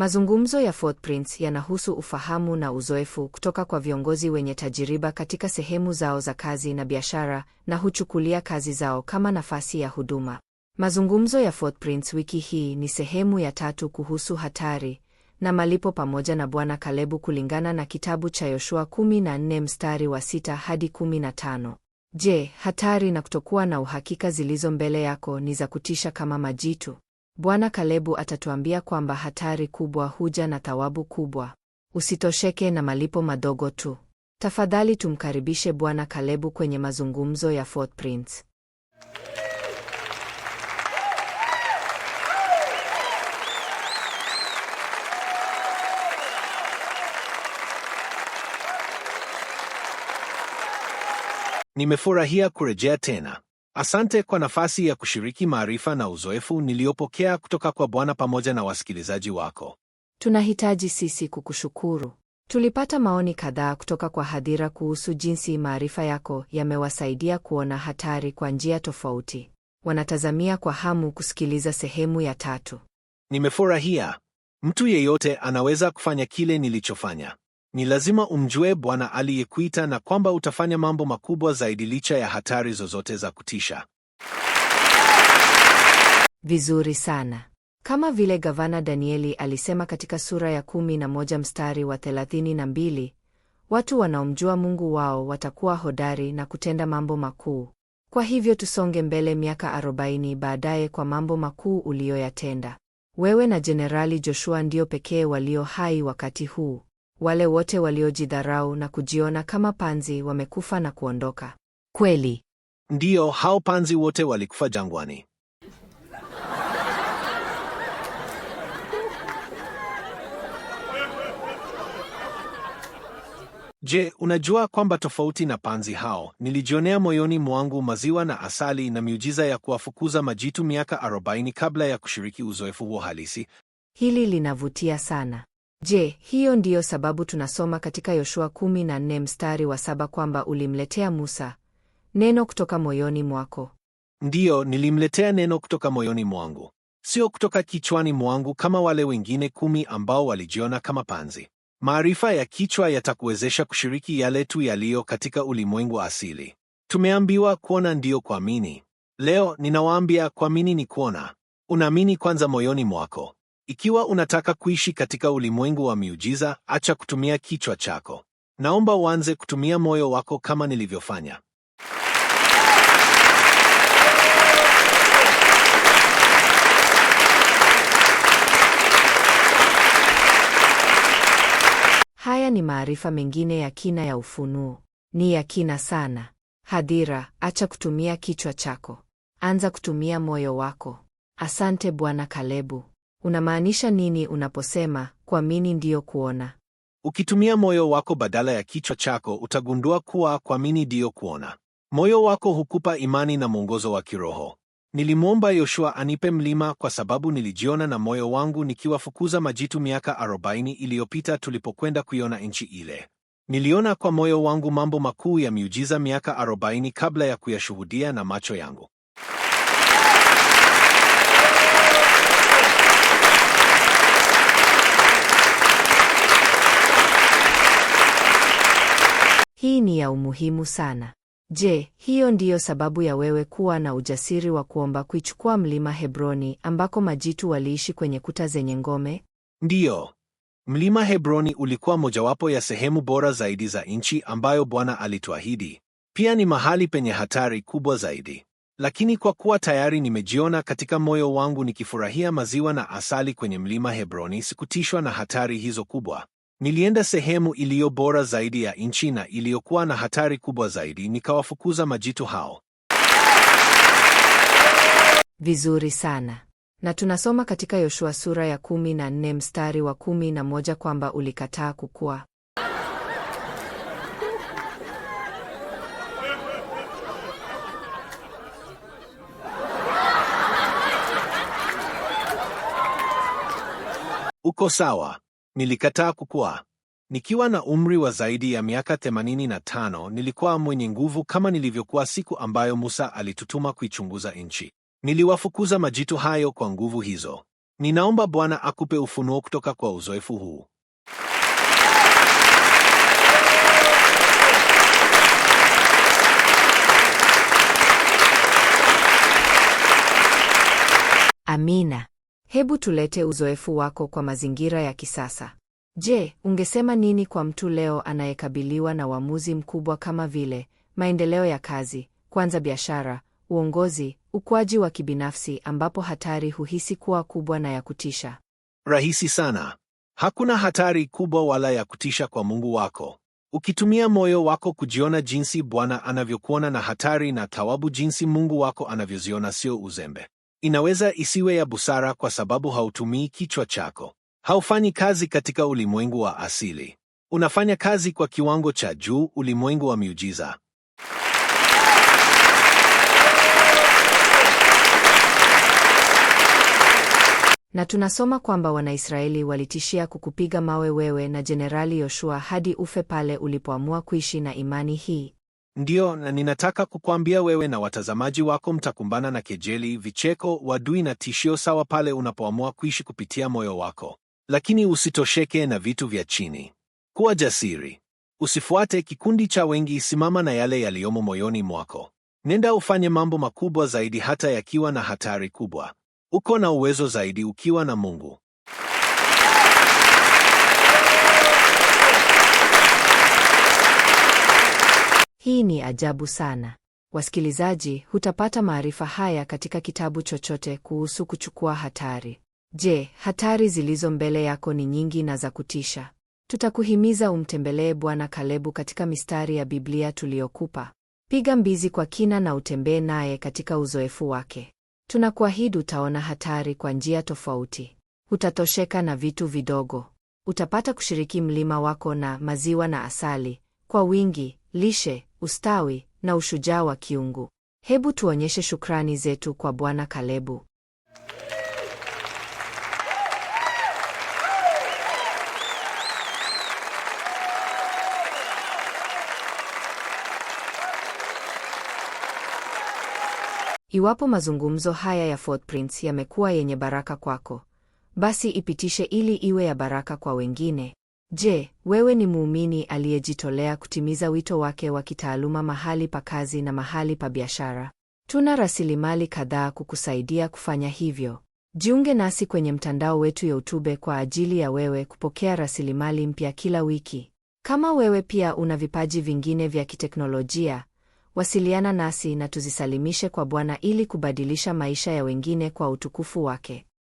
Mazungumzo ya Footprints yanahusu ufahamu na uzoefu kutoka kwa viongozi wenye tajiriba katika sehemu zao za kazi na biashara na huchukulia kazi zao kama nafasi ya huduma. Mazungumzo ya Footprints wiki hii ni sehemu ya tatu kuhusu hatari na malipo pamoja na Bwana Kalebu kulingana na kitabu cha Yoshua 14 mstari wa 6 hadi 15. Je, hatari na kutokuwa na uhakika zilizo mbele yako ni za kutisha kama majitu? Bwana Kalebu atatuambia kwamba hatari kubwa huja na thawabu kubwa. Usitosheke na malipo madogo tu. Tafadhali tumkaribishe Bwana Kalebu kwenye mazungumzo ya Footprints. Nimefurahia kurejea tena. Asante kwa nafasi ya kushiriki maarifa na uzoefu niliyopokea kutoka kwa Bwana pamoja na wasikilizaji wako. Tunahitaji sisi kukushukuru. Tulipata maoni kadhaa kutoka kwa hadhira kuhusu jinsi maarifa yako yamewasaidia kuona hatari kwa njia tofauti. Wanatazamia kwa hamu kusikiliza sehemu ya tatu. Nimefurahia. Mtu yeyote anaweza kufanya kile nilichofanya. Ni lazima umjue Bwana aliyekuita na kwamba utafanya mambo makubwa zaidi licha ya hatari zozote za kutisha. Vizuri sana. Kama vile gavana Danieli alisema katika sura ya kumi na moja mstari wa thelathini na mbili, watu wanaomjua Mungu wao watakuwa hodari na kutenda mambo makuu. Kwa hivyo tusonge mbele miaka arobaini baadaye kwa mambo makuu uliyoyatenda. Wewe na Jenerali Joshua ndio pekee walio hai wakati huu wale wote waliojidharau na kujiona kama panzi wamekufa na kuondoka. Kweli ndiyo, hao panzi wote walikufa jangwani. Je, unajua kwamba tofauti na panzi hao, nilijionea moyoni mwangu maziwa na asali na miujiza ya kuwafukuza majitu miaka 40 kabla ya kushiriki uzoefu huo halisi? Hili linavutia sana. Je, hiyo ndiyo sababu tunasoma katika Yoshua 14 mstari wa saba kwamba ulimletea Musa neno kutoka moyoni mwako? Ndiyo, nilimletea neno kutoka moyoni mwangu, sio kutoka kichwani mwangu kama wale wengine kumi ambao walijiona kama panzi. Maarifa ya kichwa yatakuwezesha kushiriki yale tu yaliyo katika ulimwengu asili. Tumeambiwa kuona ndiyo kuamini. Leo ninawaambia kuamini ni kuona. Unaamini kwanza moyoni mwako. Ikiwa unataka kuishi katika ulimwengu wa miujiza, acha kutumia kichwa chako. Naomba uanze kutumia moyo wako kama nilivyofanya. Haya ni maarifa mengine ya kina ya ufunuo. Ni ya kina sana. Hadhira, acha kutumia kichwa chako. Anza kutumia moyo wako. Asante Bwana Kalebu. Unamaanisha nini unaposema kuamini ndiyo kuona? Ukitumia moyo wako badala ya kichwa chako, utagundua kuwa kuamini ndiyo kuona. Moyo wako hukupa imani na mwongozo wa kiroho. Nilimwomba Yoshua anipe mlima kwa sababu nilijiona na moyo wangu nikiwafukuza majitu miaka 40 iliyopita tulipokwenda kuiona nchi ile. Niliona kwa moyo wangu mambo makuu ya miujiza miaka 40 kabla ya kuyashuhudia na macho yangu. hii ni ya umuhimu sana. Je, hiyo ndiyo sababu ya wewe kuwa na ujasiri wa kuomba kuichukua mlima Hebroni ambako majitu waliishi kwenye kuta zenye ngome? Ndiyo. Mlima Hebroni ulikuwa mojawapo ya sehemu bora zaidi za nchi ambayo Bwana alituahidi. Pia ni mahali penye hatari kubwa zaidi. Lakini kwa kuwa tayari nimejiona katika moyo wangu nikifurahia maziwa na asali kwenye mlima Hebroni, sikutishwa na hatari hizo kubwa. Nilienda sehemu iliyo bora zaidi ya nchi na iliyokuwa na hatari kubwa zaidi, nikawafukuza majitu hao. Vizuri sana. Na tunasoma katika Yoshua sura ya kumi na nne mstari wa kumi na moja kwamba ulikataa kukua. Uko sawa. Nilikataa kukua. Nikiwa na umri wa zaidi ya miaka 85 nilikuwa mwenye nguvu kama nilivyokuwa siku ambayo Musa alitutuma kuichunguza nchi. Niliwafukuza majitu hayo kwa nguvu hizo. Ninaomba Bwana akupe ufunuo kutoka kwa uzoefu huu. Amina. Hebu tulete uzoefu wako kwa mazingira ya kisasa. Je, ungesema nini kwa mtu leo anayekabiliwa na uamuzi mkubwa kama vile maendeleo ya kazi, kuanza biashara, uongozi, ukuaji wa kibinafsi ambapo hatari huhisi kuwa kubwa na ya kutisha? Rahisi sana. Hakuna hatari kubwa wala ya kutisha kwa Mungu wako. Ukitumia moyo wako kujiona jinsi Bwana anavyokuona na hatari na thawabu jinsi Mungu wako anavyoziona, sio uzembe inaweza isiwe ya busara kwa sababu hautumii kichwa chako. Haufanyi kazi katika ulimwengu wa asili. Unafanya kazi kwa kiwango cha juu, ulimwengu wa miujiza. Na tunasoma kwamba Wanaisraeli walitishia kukupiga mawe wewe na Jenerali Yoshua hadi ufe pale ulipoamua kuishi na imani hii ndio na ninataka kukwambia wewe na watazamaji wako mtakumbana na kejeli, vicheko, wadui na tishio sawa pale unapoamua kuishi kupitia moyo wako. Lakini usitosheke na vitu vya chini. Kuwa jasiri. Usifuate kikundi cha wengi, simama na yale yaliyomo moyoni mwako. Nenda ufanye mambo makubwa zaidi hata yakiwa na hatari kubwa. Uko na uwezo zaidi ukiwa na Mungu. Hii ni ajabu sana. Wasikilizaji, hutapata maarifa haya katika kitabu chochote kuhusu kuchukua hatari. Je, hatari zilizo mbele yako ni nyingi na za kutisha? Tutakuhimiza umtembelee Bwana Kalebu katika mistari ya Biblia tuliyokupa. Piga mbizi kwa kina na utembee naye katika uzoefu wake. Tunakuahidi utaona hatari kwa njia tofauti. Utatosheka na vitu vidogo. Utapata kushiriki mlima wako na maziwa na asali kwa wingi, lishe ustawi na ushujaa wa kiungu. Hebu tuonyeshe shukrani zetu kwa Bwana Kalebu. Iwapo mazungumzo haya ya Footprints yamekuwa yenye baraka kwako, basi ipitishe ili iwe ya baraka kwa wengine. Je, wewe ni muumini aliyejitolea kutimiza wito wake wa kitaaluma mahali pa kazi na mahali pa biashara? Tuna rasilimali kadhaa kukusaidia kufanya hivyo. Jiunge nasi kwenye mtandao wetu YouTube kwa ajili ya wewe kupokea rasilimali mpya kila wiki. Kama wewe pia una vipaji vingine vya kiteknolojia, wasiliana nasi na tuzisalimishe kwa Bwana ili kubadilisha maisha ya wengine kwa utukufu wake.